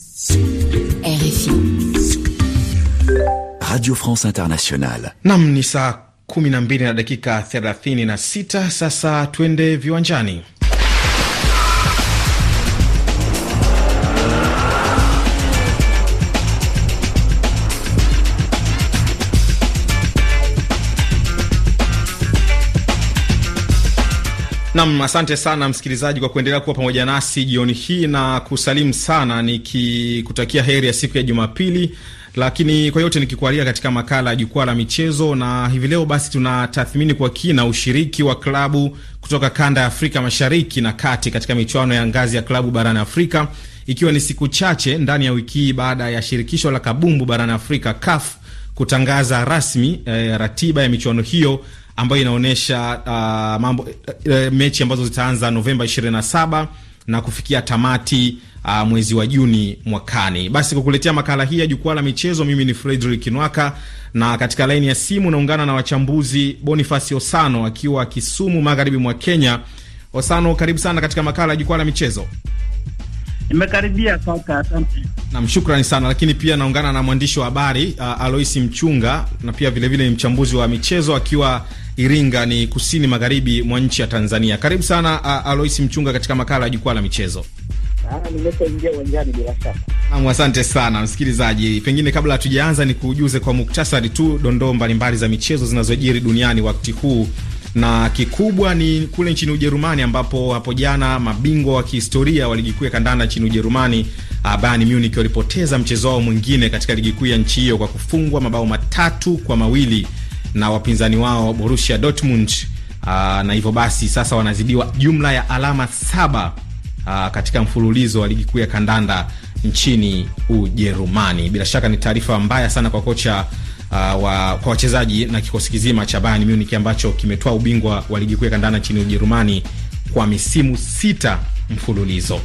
RFI. Radio France Internationale. Nam ni saa 12 na dakika 36. Sasa twende viwanjani. Nam, asante sana msikilizaji kwa kuendelea kuwa pamoja nasi jioni hii na kusalimu sana, nikikutakia heri ya siku ya Jumapili, lakini kwa yote nikikualia katika makala ya jukwaa la michezo, na hivi leo basi tunatathmini kwa kina ushiriki wa klabu kutoka kanda ya Afrika Mashariki na Kati katika michuano ya ngazi ya klabu barani Afrika, ikiwa ni siku chache ndani ya wiki hii baada ya shirikisho la kabumbu barani Afrika CAF kutangaza rasmi eh, ratiba ya michuano hiyo ambayo inaonyesha uh, mambo uh, uh, mechi ambazo zitaanza Novemba 27 na kufikia tamati uh, mwezi wa Juni mwakani. Basi kukuletea makala hii ya jukwaa la michezo, mimi ni Fredrick Nwaka na katika laini ya simu naungana na wachambuzi Bonifasi Osano akiwa Kisumu, magharibi mwa Kenya. Osano, karibu sana katika makala ya jukwaa la michezo. Nimekaribia kaka, asante. Naam, shukrani sana lakini pia naungana na mwandishi wa habari uh, Aloisi Mchunga na pia vilevile ni mchambuzi wa michezo akiwa Iringa ni kusini magharibi mwa nchi ya Tanzania. Karibu sana Aloisi Mchunga katika makala ya jukwaa la michezo. Ah, asante sana msikilizaji. Pengine kabla hatujaanza, ni kuujuze kwa muktasari tu dondoo mbalimbali za michezo zinazojiri duniani wakati huu, na kikubwa ni kule nchini Ujerumani ambapo hapo jana mabingwa wa kihistoria wa ligi kuu ya kandanda nchini Ujerumani Bayern Munich walipoteza mchezo wao mwingine katika ligi kuu ya nchi hiyo kwa kufungwa mabao matatu kwa mawili na wapinzani wao Borussia Dortmund. Aa, ah, na hivyo basi sasa wanazidiwa jumla ya alama saba aa, ah, katika mfululizo wa ligi kuu ya kandanda nchini Ujerumani. Bila shaka ni taarifa mbaya sana kwa kocha Uh, wa, kwa wachezaji na kikosi kizima cha Bayern Munich ambacho kimetoa ubingwa wa ligi kuu ya kandanda nchini Ujerumani kwa misimu sita mfululizo.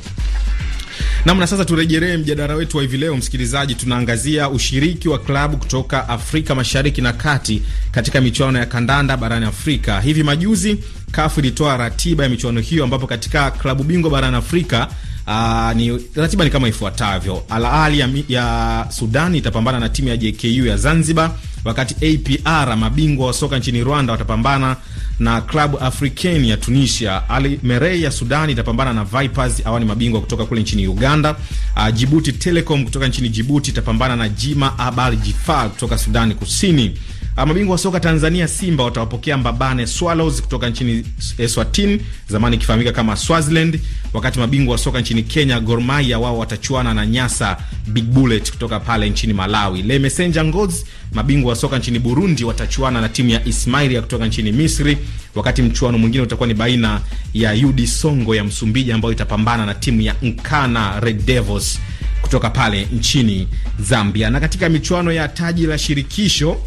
Namna sasa, turejelee mjadala wetu wa hivi leo, msikilizaji. Tunaangazia ushiriki wa klabu kutoka Afrika Mashariki na Kati katika michuano ya kandanda barani Afrika. Hivi majuzi CAF ilitoa ratiba ya michuano hiyo, ambapo katika klabu bingwa barani Afrika Uh, ni ratiba ni kama ifuatavyo: Al Ahly ya, ya Sudani itapambana na timu ya JKU ya Zanzibar wakati APR mabingwa wa soka nchini Rwanda watapambana na Club Africain ya Tunisia. Ali Merei ya Sudani itapambana na Vipers, awani ni mabingwa kutoka kule nchini Uganda. Uh, ah, Jibuti Telecom kutoka nchini Jibuti itapambana na Jima Abal Jifar kutoka Sudani Kusini. Mabingwa wa soka Tanzania Simba watawapokea Mbabane Swallows kutoka nchini Eswatini, zamani ikifahamika kama Swaziland, wakati mabingwa wa soka nchini Kenya Gor Mahia wao watachuana na Nyasa Big Bullet kutoka pale nchini Malawi. Le Messenger Ngoz, mabingwa wa soka nchini Burundi, watachuana na timu ya Ismailia kutoka nchini Misri, wakati mchuano mwingine utakuwa ni baina ya UD Songo ya Msumbiji ambayo itapambana na timu ya Nkana Red Devils kutoka pale nchini Zambia. Na katika michuano ya taji la shirikisho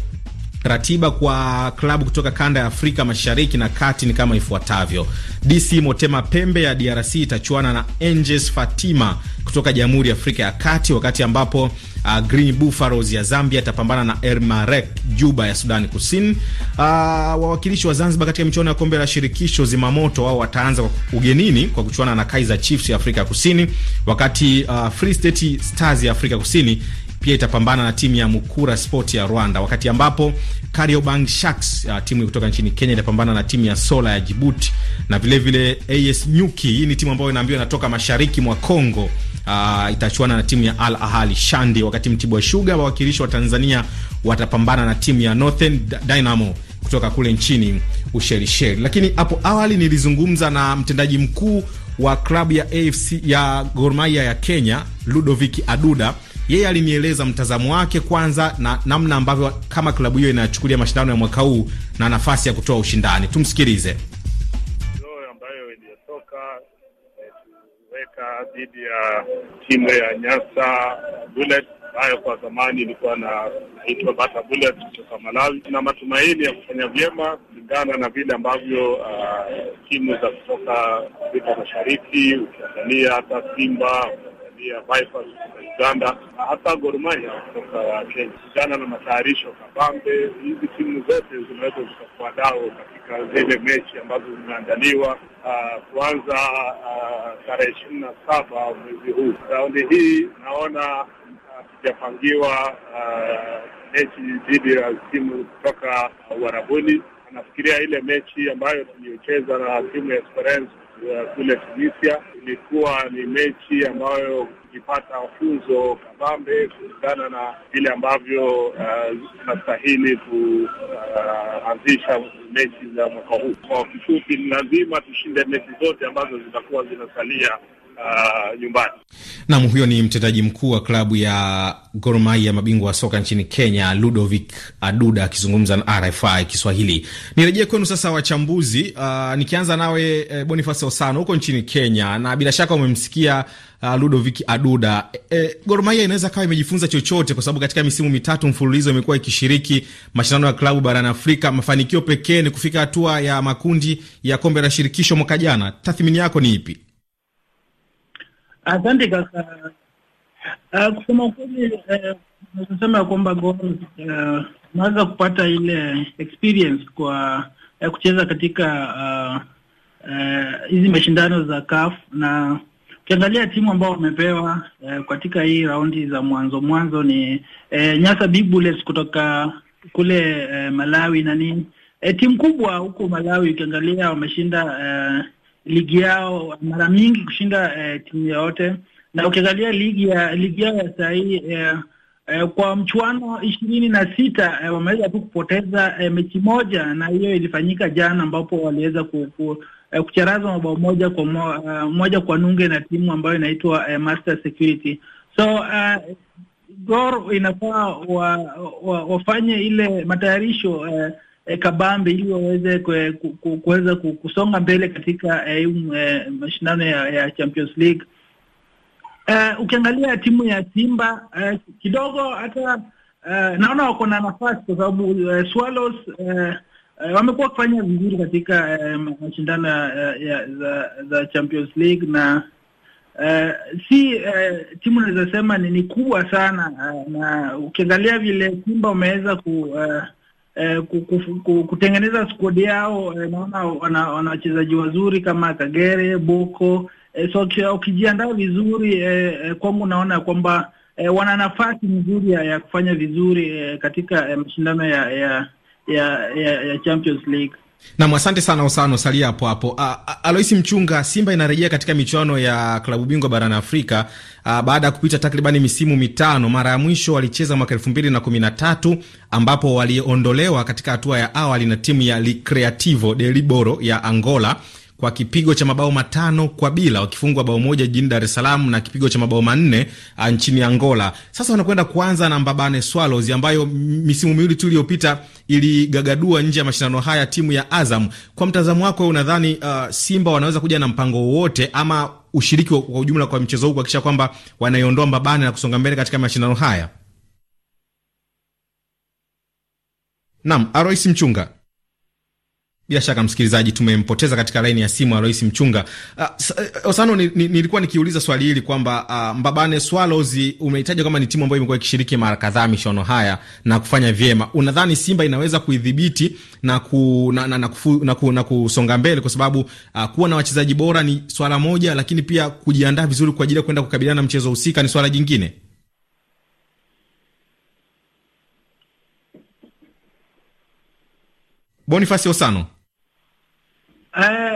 Ratiba kwa klabu kutoka kanda ya Afrika Mashariki na Kati ni kama ifuatavyo: DC Motema Pembe ya DRC itachuana na anges Fatima kutoka Jamhuri ya Afrika ya Kati, wakati ambapo uh, Green Buffaloes ya Zambia itapambana na Ermarek Juba ya Sudani Kusini. Uh, wawakilishi wa Zanzibar katika michuano ya kombe la shirikisho Zimamoto wao wataanza ugenini kwa kuchuana na Kaizer Chiefs ya Afrika Kusini, wakati uh, Free State Stars ya Afrika Kusini pia itapambana na timu ya Mukura Sport ya Rwanda, wakati ambapo Kariobangi Sharks uh, timu kutoka nchini Kenya itapambana na timu ya Sola ya Jibuti na vilevile vile AS Nyuki. Hii ni timu ambayo inaambiwa inatoka mashariki mwa Congo. Uh, itachuana na timu ya Al Ahali Shandi, wakati Mtibwa Sugar wawakilishi wa Tanzania watapambana na timu ya Northern Dynamo kutoka kule nchini Ushelisheli. Lakini hapo awali nilizungumza na mtendaji mkuu wa klabu ya AFC ya Gor Mahia ya Kenya Ludovic Aduda yeye alinieleza mtazamo wake kwanza na namna ambavyo kama klabu hiyo inachukulia mashindano ya mwaka huu na nafasi ya kutoa ushindani. Tumsikilize. ambayo iliyotoka tuweka eh, dhidi ya timu ya Nyasa Bullet ambayo kwa zamani ilikuwa na naitwa Bata Bullet kutoka Malawi. Tuna matumaini ya kufanya vyema kulingana na vile ambavyo uh, timu za kutoka Afrika Mashariki ukiangalia hata Simba pia Vipers Uganda na hata Gor Mahia kutoka Kenya, jana na matayarisho kabambe. Hizi timu zote zinaweza zikakuwa dao katika zile mechi ambazo zimeandaliwa ah, kuanza ah, tarehe ishirini na saba mwezi huu. Raundi hii naona ah, hatujapangiwa mechi dhidi ya timu kutoka Uarabuni. Nafikiria ile mechi ambayo tuliyocheza na timu ya Esperance kule Tunisia. Ilikuwa ni mechi ambayo ipata funzo kabambe kulingana na vile ambavyo uh, tunastahili uh, kuanzisha uh, mechi za mwaka huu. Kwa kifupi, ni lazima tushinde mechi zote ambazo zitakuwa zinasalia Uh, nyumbani. Nam huyo ni mtendaji mkuu wa klabu ya Gor Mahia, mabingwa wa soka nchini Kenya, Ludovic Aduda akizungumza na RFI Kiswahili. Nirejee kwenu sasa wachambuzi, uh, nikianza nawe eh, Boniface Osano huko nchini Kenya, na bila shaka umemsikia uh, Ludovic Aduda. E, eh, Gor Mahia inaweza kawa imejifunza chochote, kwa sababu katika misimu mitatu mfululizo imekuwa ikishiriki mashindano ya klabu barani Afrika. Mafanikio pekee ni kufika hatua ya makundi ya kombe la shirikisho mwaka jana. Tathmini yako ni ipi? Asante kaka. Ah, kusema ukweli eh, nasema ya kwamba unaweza eh, kupata ile experience kwa uh, kucheza katika ah, hizi uh, uh, mashindano za CAF na ukiangalia timu ambao wamepewa uh, katika hii raundi za mwanzo mwanzo ni uh, Nyasa bibules kutoka kule uh, Malawi na nini uh, timu kubwa huko Malawi ukiangalia wameshinda uh, ligi yao mara mingi kushinda eh, timu yoyote, na ukiangalia ligi ya ligi yao ya sahii hii eh, eh, kwa mchuano ishirini na sita eh, wameweza tu kupoteza eh, mechi moja, na hiyo ilifanyika jana ambapo waliweza ku, ku, eh, kucharaza mabao moja kwa mo, uh, moja kwa nunge na timu ambayo inaitwa eh, Master Security so uh, Gor inafaa wa, wa, wafanye ile matayarisho eh, e, kabambe ili waweze kuweza kusonga mbele katika e, um, e, mashindano ya, ya Champions League. Uh, ukiangalia timu ya Simba uh, kidogo hata uh, naona wako na nafasi kwa sababu uh, Swallows uh, uh, wamekuwa wakifanya vizuri katika uh, mashindano za, za Champions League na uh, si uh, timu naweza sema ni, ni kubwa sana uh, na ukiangalia vile Simba wameweza ku uh, eh, kutengeneza skodi yao eh, naona wana wachezaji wazuri kama Kagere, Boko eh, so ukijiandaa vizuri eh, eh, kwangu naona kwamba eh, wana nafasi nzuri ya, ya kufanya vizuri eh, katika eh, mashindano ya ya, ya ya ya Champions League. Nam, asante sana Osano, salia hapo hapo. Aloisi Mchunga, Simba inarejea katika michuano ya klabu bingwa barani Afrika baada ya kupita takribani misimu mitano. Mara ya mwisho walicheza mwaka elfu mbili na kumi na tatu ambapo waliondolewa katika hatua ya awali na timu ya Recreativo de Liboro ya Angola kwa kipigo cha mabao matano kwa bila, wakifungwa bao moja jijini Dar es Salaam na kipigo cha mabao manne ah, nchini Angola. Sasa wanakwenda kuanza na Mbabane Swallows ambayo misimu miwili tu iliyopita iligagadua nje ya mashindano haya timu ya Azam. Kwa mtazamo wako unadhani uh, Simba wanaweza kuja na mpango wowote ama ushiriki kwa ujumla kwa mchezo huu kuhakikisha kwamba wanaiondoa Mbabane na kusonga mbele katika mashindano haya? Naam, Aroisi Mchunga. Bila shaka msikilizaji, tumempoteza katika laini ya simu Alois Mchunga. Uh, Osano, ni, ni, nilikuwa nikiuliza swali hili kwamba uh, Mbabane Swallows umehitaja kama ni timu ambayo imekuwa ikishiriki mara kadhaa michuano haya na kufanya vyema. Unadhani Simba inaweza kuidhibiti na, ku, na, na, na, kufu, na, ku, na kusonga mbele? Kwa sababu uh, kuwa na wachezaji bora ni swala moja, lakini pia kujiandaa vizuri kwa ajili ya kwenda kukabiliana na mchezo husika ni swala jingine. Bonifasi Osano. Eh,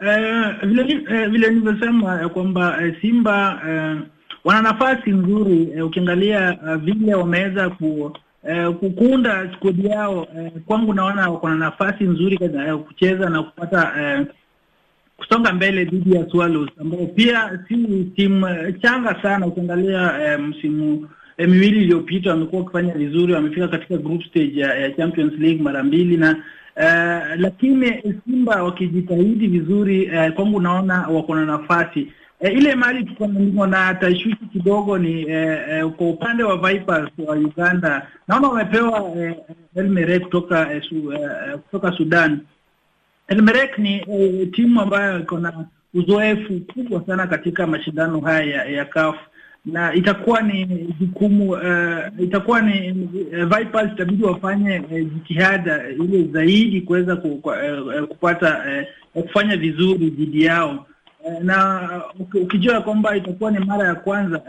eh, eh, vile nilivyosema uh, kwamba Simba uh, wana nafasi nzuri uh, ukiangalia uh, vile wameweza ku, uh, kukunda skodi yao uh, kwangu naona na nafasi nzuri ya uh, kucheza na kupata uh, kusonga mbele dhidi ya Swallows ambao pia si timu uh, changa sana. Ukiangalia msimu um, miwili iliyopita wamekuwa wakifanya vizuri, wamefika katika group stage ya, ya Champions League mara mbili na Eh, lakini Simba wakijitahidi vizuri uh, kwangu naona wako na nafasi uh, ile mali tuko na tashwishi kidogo ni uh, uh, kwa upande wa Vipers wa Uganda naona wamepewa uh, Elmerek kutoka uh, su, uh, kutoka Sudan. Elmerek ni uh, timu ambayo iko na uzoefu kubwa sana katika mashindano haya ya, ya na itakuwa ni jukumu uh, itakuwa ni uh, eh, Vipers itabidi wafanye uh, jitihada ile zaidi kuweza ku, uh, kupata uh, kufanya vizuri dhidi yao uh, na ukijua kwamba itakuwa ni mara ya kwanza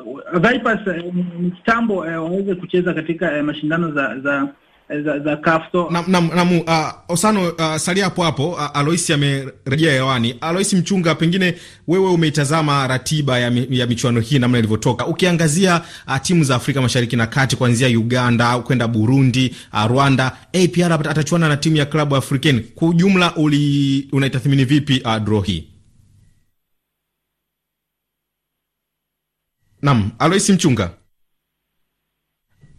uh, uh, Vipers uh, ni kitambo uh, waweze kucheza katika uh, mashindano za za za, za Kafto na, na, na uh, Osano uh, salia hapo hapo uh, Aloisi amerejea hewani. Aloisi Mchunga, pengine wewe umeitazama ratiba ya, ya michuano hii namna ilivyotoka, ukiangazia uh, timu za Afrika Mashariki na Kati kuanzia Uganda kwenda Burundi, uh, Rwanda, APR atachuana na timu ya klabu African. Kwa ujumla unaitathmini vipi uh, draw hii? Naam, Aloisi Mchunga.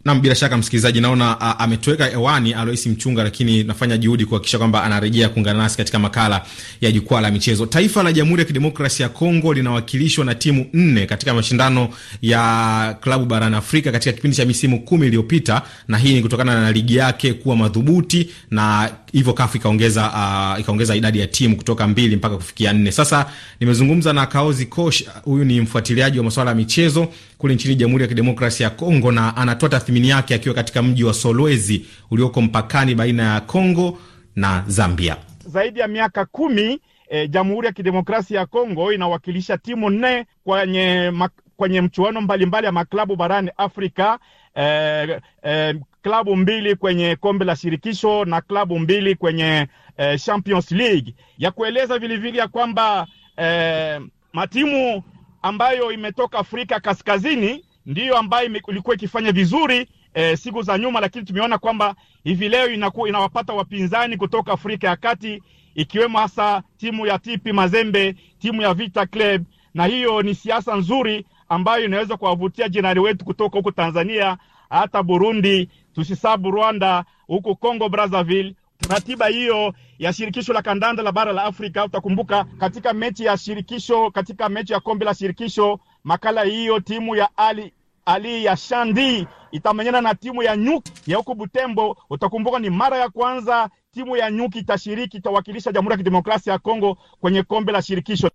Nam, bila shaka msikilizaji, naona ametoweka hewani Aloisi Mchunga, lakini nafanya juhudi kuhakikisha kwamba anarejea kuungana nasi katika makala ya jukwaa la michezo. Taifa la Jamhuri ya Kidemokrasia ya Kongo linawakilishwa na timu nne katika mashindano ya klabu barani Afrika katika kipindi cha misimu kumi iliyopita, na hii ni kutokana na ligi yake kuwa madhubuti, na hivyo kafu ikaongeza uh, ikaongeza idadi ya timu kutoka mbili mpaka kufikia nne. Sasa nimezungumza na Kaozi Kosh, huyu ni mfuatiliaji wa masuala ya michezo kule nchini Jamhuri ya Kidemokrasia ya Kongo, na anatoa tathmini yake akiwa katika mji wa Solwezi ulioko mpakani baina ya Kongo na Zambia. Zaidi ya miaka kumi e, Jamhuri ya Kidemokrasia ya Kongo inawakilisha timu nne kwenye, kwenye mchuano mbalimbali ya maklabu barani Afrika e, e, klabu mbili kwenye kombe la shirikisho na klabu mbili kwenye e, Champions League ya kueleza vilivile ya kwamba e, matimu ambayo imetoka Afrika Kaskazini ndiyo ambayo ilikuwa ikifanya vizuri e, siku za nyuma, lakini tumeona kwamba hivi leo inakuwa inawapata wapinzani kutoka Afrika ya Kati ikiwemo hasa timu ya TP Mazembe, timu ya Vita Club, na hiyo ni siasa nzuri ambayo inaweza kuwavutia jirani wetu kutoka huko Tanzania hata Burundi, tusisabu Rwanda, huko Congo Brazzaville ratiba hiyo ya shirikisho la kandanda la bara la Afrika. Utakumbuka katika mechi ya shirikisho, katika mechi ya kombe la shirikisho, makala hiyo timu ya Ali ali ya Shandi itamenyana na timu ya Nyuki ya huko Butembo. Utakumbuka ni mara ya kwanza timu ya Nyuki itashiriki, itawakilisha Jamhuri ya Kidemokrasia ya Kongo kwenye kombe la shirikisho.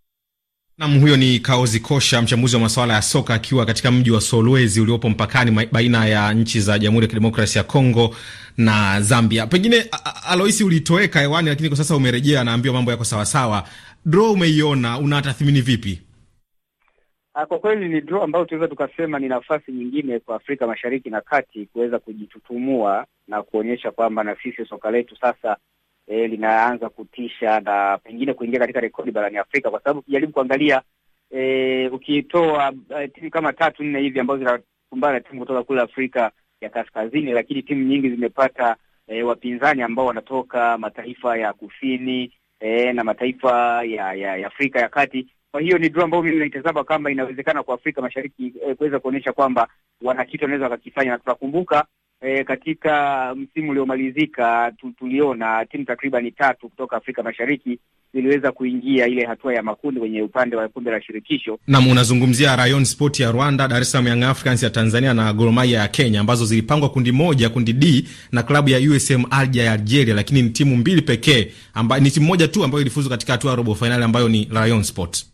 Nam huyo ni Kaozi Kosha, mchambuzi wa masuala ya soka akiwa katika mji wa Solwezi uliopo mpakani baina ya nchi za Jamhuri ya Kidemokrasia ya Kongo na Zambia. Pengine Aloisi, ulitoweka hewani, lakini kwa sasa umerejea, naambiwa mambo yako sawasawa. Draw umeiona, unatathmini vipi? Kwa kweli ni draw ambayo tunaweza tukasema ni nafasi nyingine kwa Afrika Mashariki na Kati kuweza kujitutumua na kuonyesha kwamba na sisi soka letu sasa e, linaanza kutisha na pengine kuingia katika rekodi barani Afrika, kwa sababu ukijaribu kuangalia e, ukitoa e, timu kama tatu nne hivi ambazo zinakumbana na timu kutoka kule Afrika ya Kaskazini, lakini timu nyingi zimepata e, wapinzani ambao wanatoka mataifa ya kusini e, na mataifa ya, ya, ya Afrika ya Kati. Kwa hiyo ni draw ambayo mimi naitazama kama inawezekana kwa Afrika Mashariki e, kuweza kuonyesha kwamba wana kitu wanaweza wakakifanya, na tutakumbuka E, katika msimu uliomalizika tuliona timu takribani tatu kutoka Afrika Mashariki ziliweza kuingia ile hatua ya makundi kwenye upande wa kombe la shirikisho. Naam, unazungumzia Rayon Sport ya Rwanda, Dar es Salaam Young Africans ya Tanzania na Gor Mahia ya Kenya ambazo zilipangwa kundi moja, kundi D na klabu ya USM Alger ya Algeria, lakini ni timu mbili pekee, ni timu moja tu ambayo ilifuzu katika hatua ya robo fainali ambayo ni Rayon Sport.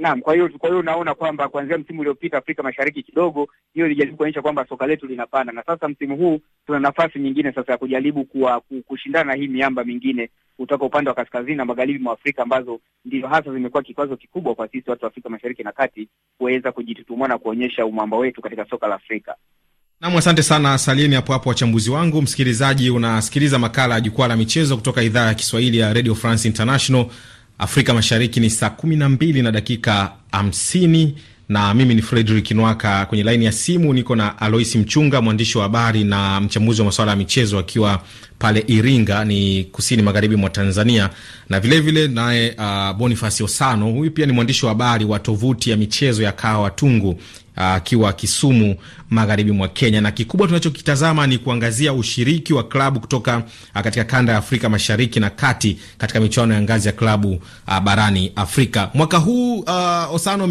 Naam, kwa hiyo kwa hiyo unaona kwamba kuanzia msimu uliopita Afrika Mashariki kidogo hiyo ilijaribu kuonyesha kwamba soka letu linapanda, na sasa msimu huu tuna nafasi nyingine sasa ya kujaribu kuwa, kushindana na hii miamba mingine kutoka upande wa kaskazini na magharibi mwa Afrika ambazo ndio hasa zimekuwa kikwazo kikubwa kwa sisi watu wa Afrika Mashariki na Kati kuweza kujitutumua na kuonyesha umwamba wetu katika soka la Afrika. Nam, asante sana Salieni hapo hapo, wachambuzi wangu. Msikilizaji, unasikiliza makala ya Jukwaa la Michezo kutoka idhaa ya Kiswahili ya Radio France International. Afrika Mashariki ni saa kumi na mbili na dakika hamsini na mimi ni Fredrick Nwaka. Kwenye laini ya simu niko na Alois Mchunga, mwandishi wa habari na mchambuzi wa masuala ya michezo, akiwa pale Iringa, ni kusini magharibi mwa Tanzania, na vilevile naye uh, Boniface Osano, huyu pia ni mwandishi wa habari wa tovuti ya michezo ya Kaa Watungu. Ah, akiwa Kisumu magharibi mwa Kenya. Na kikubwa tunachokitazama ni kuangazia ushiriki wa klabu kutoka ah, katika kanda ya Afrika Mashariki na Kati katika michuano ya ngazi ya klabu uh, barani Afrika mwaka huu. uh, Osano,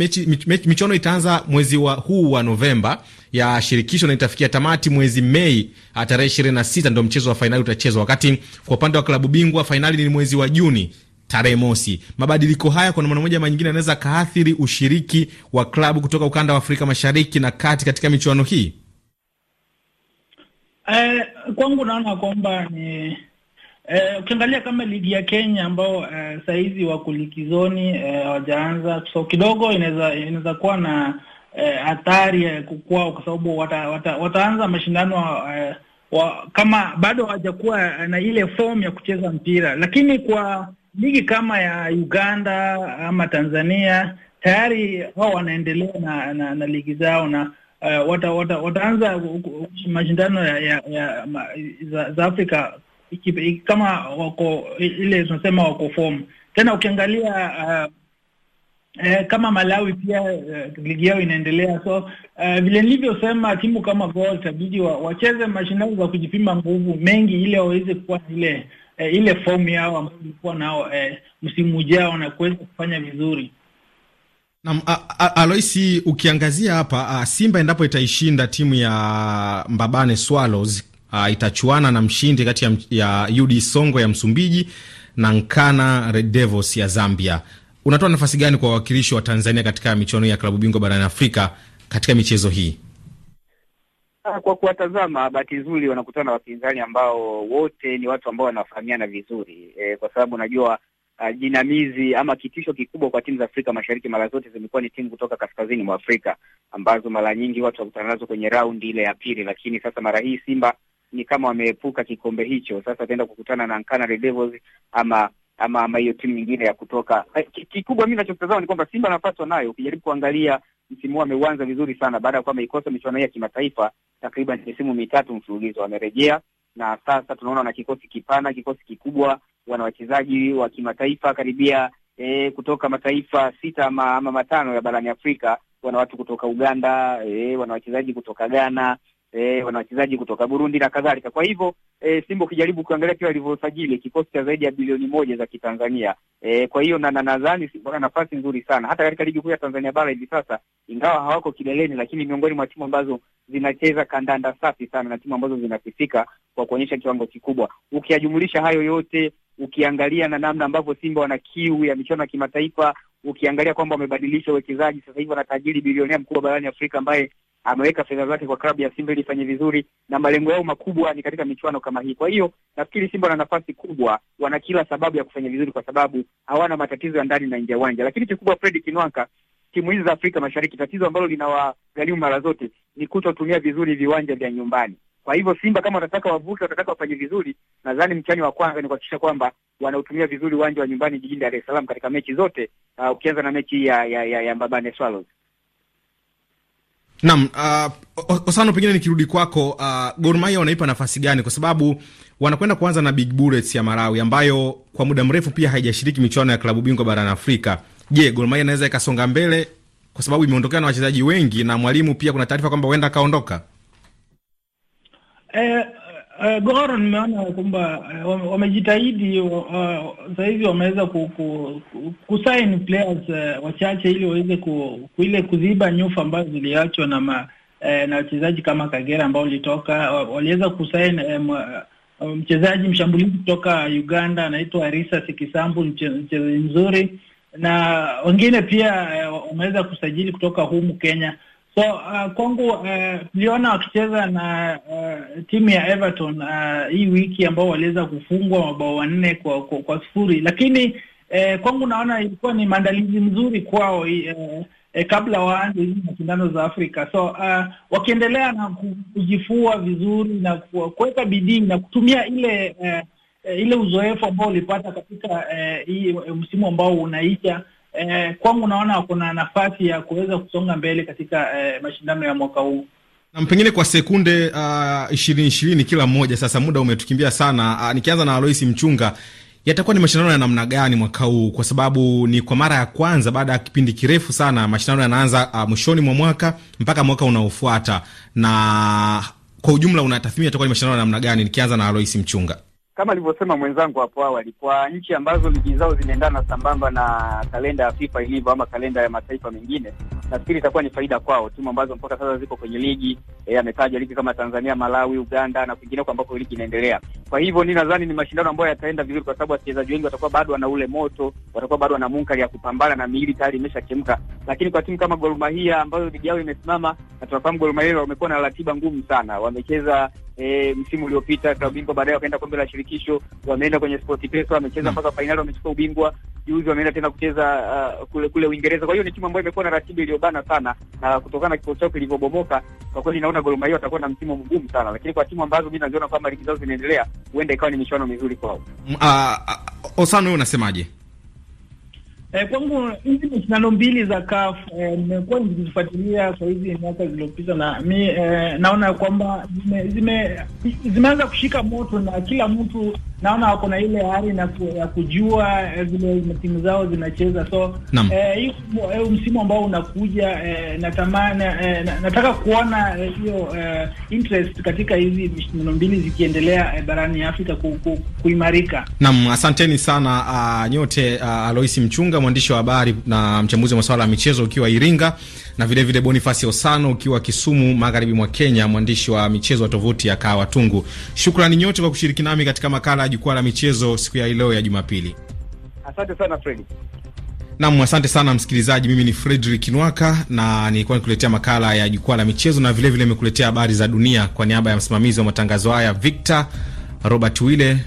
michuano itaanza mwezi wa huu wa Novemba ya shirikisho na itafikia tamati mwezi Mei tarehe 26, ndo mchezo wa fainali utachezwa, wakati kwa upande wa klabu bingwa fainali ni mwezi wa Juni tarehe mosi. Mabadiliko haya kwa namna moja manyingine yanaweza kaathiri ushiriki wa klabu kutoka ukanda wa Afrika Mashariki na kati katika michuano hii. Eh, kwangu naona kwamba ni eh, ukiangalia kama ligi ya Kenya ambao eh, sahizi wako likizoni eh, hawajaanza eh, so kidogo inaweza inaweza kuwa na hatari eh, eh kwao kwa sababu wata, wata, wataanza mashindano eh, wa, kama bado hawajakuwa na ile form ya kucheza mpira, lakini kwa ligi kama ya Uganda ama Tanzania tayari wao wanaendelea na, na, na ligi zao na uh, wata, wata, wataanza mashindano ya, ya, ya ma, za, za Afrika iki, iki, kama wako ile tunasema wako form tena. Ukiangalia uh, eh, kama Malawi pia eh, ligi yao inaendelea, so eh, vile nilivyosema, timu kama Gor itabidi wa, wacheze mashindano za kujipima nguvu mengi ili waweze kuwa ile eh, ile fomu yao ambayo ilikuwa nao eh, msimu ujao na kuweza kufanya vizuri. Na, a, a, Aloisi ukiangazia hapa a, Simba endapo itaishinda timu ya Mbabane Swallows a, itachuana na mshindi kati ya, ya UD Songo ya Msumbiji na Nkana Red Devils ya Zambia. Unatoa nafasi gani kwa wawakilishi wa Tanzania katika michuano ya klabu bingwa barani Afrika katika michezo hii? Ah, kwa kuwatazama, bahati nzuri wanakutana na wapinzani ambao wote ni watu ambao wanafahamiana vizuri e, kwa sababu unajua uh, jinamizi ama kitisho kikubwa kwa timu za Afrika Mashariki mara zote zimekuwa ni timu kutoka kaskazini mwa Afrika ambazo mara nyingi watu wakutana nazo kwenye raundi ile ya pili, lakini sasa mara hii Simba ni kama wameepuka kikombe hicho. Sasa ataenda kukutana na Red Devils ama ama ama hiyo timu nyingine ya kutoka. Eh, kikubwa mimi ninachotazama ni kwamba Simba anapatwa nayo, ukijaribu kuangalia msimu huu ameuanza vizuri sana baada ya kwamba ikosa michuano hii ya kimataifa takriban misimu mitatu mfululizo, wamerejea na sasa tunaona wana kikosi kipana, kikosi kikubwa, wana wachezaji wa kimataifa karibia e, kutoka mataifa sita ama, ama matano ya barani Afrika. Wana watu kutoka Uganda e, wana wachezaji kutoka Ghana e, wana wachezaji kutoka Burundi na kadhalika. Kwa hivyo e, Simba ukijaribu kuangalia kile alivyosajili kikosi cha zaidi ya bilioni moja za Kitanzania e, kwa hiyo na nadhani Simba nafasi nzuri sana hata katika ligi kuu ya Tanzania bara hivi sasa, ingawa hawako kileleni, lakini miongoni mwa timu ambazo zinacheza kandanda safi sana na timu ambazo zinafisika kwa kuonyesha kiwango kikubwa. Ukiyajumulisha hayo yote, ukiangalia na namna ambavyo Simba wana kiu ya michuano ya kimataifa, ukiangalia kwamba wamebadilisha uwekezaji, sasa hivi wanatajiri bilionea mkubwa barani Afrika ambaye ameweka fedha zake kwa klabu ya Simba ili ifanye vizuri, na malengo yao makubwa ni katika michuano kama hii. Kwa hiyo nafikiri Simba wana nafasi kubwa, wana kila sababu ya kufanya vizuri, kwa sababu hawana matatizo ya ndani na nje ya uwanja. Lakini kikubwa, Fred Kinwanka, timu hizi za Afrika Mashariki, tatizo ambalo linawagharimu mara zote ni kutotumia vizuri viwanja vya nyumbani. Kwa hivyo Simba kama watataka wavuke, watataka wafanye vizuri, nadhani mchani wa kwanza ni kuhakikisha kwamba wanautumia vizuri uwanja wa nyumbani jijini Dar es Salaam katika mechi zote, uh, ukianza na mechi ya ya, ya, ya Mbabane Swallows. Naam, uh, Osano, pengine nikirudi kwako, uh, Gor Mahia wanaipa nafasi gani? Kwa sababu wanakwenda kuanza na Big Bullets ya Malawi ambayo kwa muda mrefu pia haijashiriki michuano ya klabu bingwa barani Afrika. Je, Gor Mahia inaweza ikasonga mbele kwa sababu imeondokewa na wachezaji wengi na mwalimu pia kuna taarifa kwamba huenda akaondoka? Eh, Uh, eh, Goro nimeona kwamba uh, wamejitahidi uh, eh, sasa hivi wameweza ku, ku, ku, kusign players uh, wachache ili waweze ku, ile kuziba nyufa ambazo ziliachwa na ma, uh, na wachezaji kama Kagera ambao walitoka waliweza kusign um, uh, mchezaji mshambulizi kutoka Uganda anaitwa Arisa Sikisambu, mchezaji mzuri na wengine pia uh, wameweza kusajili kutoka humu Kenya. So uh, kwangu tuliona uh, wakicheza na uh, timu ya Everton uh, hii wiki ambao waliweza kufungwa mabao wanne kwa, kwa, kwa sifuri, lakini uh, kwangu naona ilikuwa ni maandalizi mzuri kwao uh, uh, kabla waanze hizi mashindano za Afrika. So uh, wakiendelea na kujifua vizuri na kuweka bidii na kutumia ile uh, uh, ile uzoefu ambao ulipata katika uh, hii msimu ambao unaisha eh, kwangu naona kuna nafasi ya kuweza kusonga mbele katika eh, mashindano ya mwaka huu na pengine kwa sekunde ah, ishirini uh, ishirini kila mmoja. Sasa muda umetukimbia sana. Uh, nikianza na Alois Mchunga, yatakuwa ni mashindano ya namna gani mwaka huu? Kwa sababu ni kwa mara ya kwanza baada ya kipindi kirefu sana mashindano yanaanza uh, mwishoni mwa mwaka mpaka mwaka unaofuata, na kwa ujumla unatathmini yatakuwa ni mashindano ya namna gani? Nikianza na Alois Mchunga kama alivyosema mwenzangu hapo awali, kwa nchi ambazo ligi zao zinaendana sambamba na kalenda ya FIFA ilivyo ama kalenda ya mataifa mengine, nafikiri itakuwa ni faida kwao. Timu ambazo mpaka sasa ziko kwenye ligi e, ametaja ligi kama Tanzania, Malawi, Uganda na kwingineko ambako ligi inaendelea. Kwa hivyo ni nadhani ni mashindano ambayo yataenda vizuri, kwa sababu wachezaji wengi watakuwa bado wana ule moto, watakuwa bado wana munkari ya kupambana na miili tayari imeshachemka. Lakini kwa timu kama Gor Mahia ambayo ligi yao imesimama, na tunafahamu Gor Mahia wamekuwa na ratiba ngumu sana, wamecheza e, msimu uliopita klabu bingwa, baadaye wakaenda kombe la shirikisho, wameenda kwenye Pesa, wamecheza mm. mpaka mm. fainali, wamechukua ubingwa. Juzi wameenda tena kucheza uh, kule kule Uingereza. Kwa hiyo ni timu ambayo imekuwa na ratiba iliyobana sana, na kutokana na kikosi chao kilivyobomoka, kwa kweli naona Gor Mahia watakuwa na msimu mgumu sana, lakini kwa timu ambazo mimi naziona kwamba ligi zao zinaendelea, huenda ikawa ni michuano mizuri kwao. Uh, uh, Osano, wewe unasemaje? E, kwangu hizi michuano mbili za CAF eh, nimekuwa eh, nikizifuatilia kwa hizi miaka zilizopita, na mi eh, naona kwamba zimeanza zime, zime kushika moto na kila mtu naona wako na ile hali ya kujua eh, vile timu zao zinacheza, so eh, eh, msimu ambao unakuja eh, natamani eh, nataka kuona eh, hiyo eh, eh, interest katika hizi mishindano mbili zikiendelea eh, barani Afrika ku, ku, kuimarika. Naam, asanteni sana uh, nyote uh, ah, Aloisi Mchunga mwandishi wa habari na mchambuzi wa masuala ya michezo ukiwa Iringa na vilevile Bonifasi Osano ukiwa Kisumu, magharibi mwa Kenya, mwandishi wa michezo wa tovuti ya Kawa Tungu. Shukrani nyote kwa kushiriki nami katika makala ya Jukwaa la Michezo siku ya leo ya Jumapili. Asante sana Fred. Nam, asante sana msikilizaji. Mimi ni Fredrik Nwaka na nilikuwa nikuletea makala ya jukwaa la michezo na vilevile nimekuletea habari za dunia kwa niaba ya msimamizi wa matangazo haya Victor Robert Wille,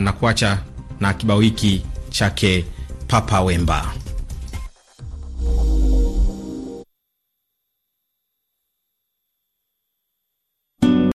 na kuacha na kibao hiki chake Papa Wemba.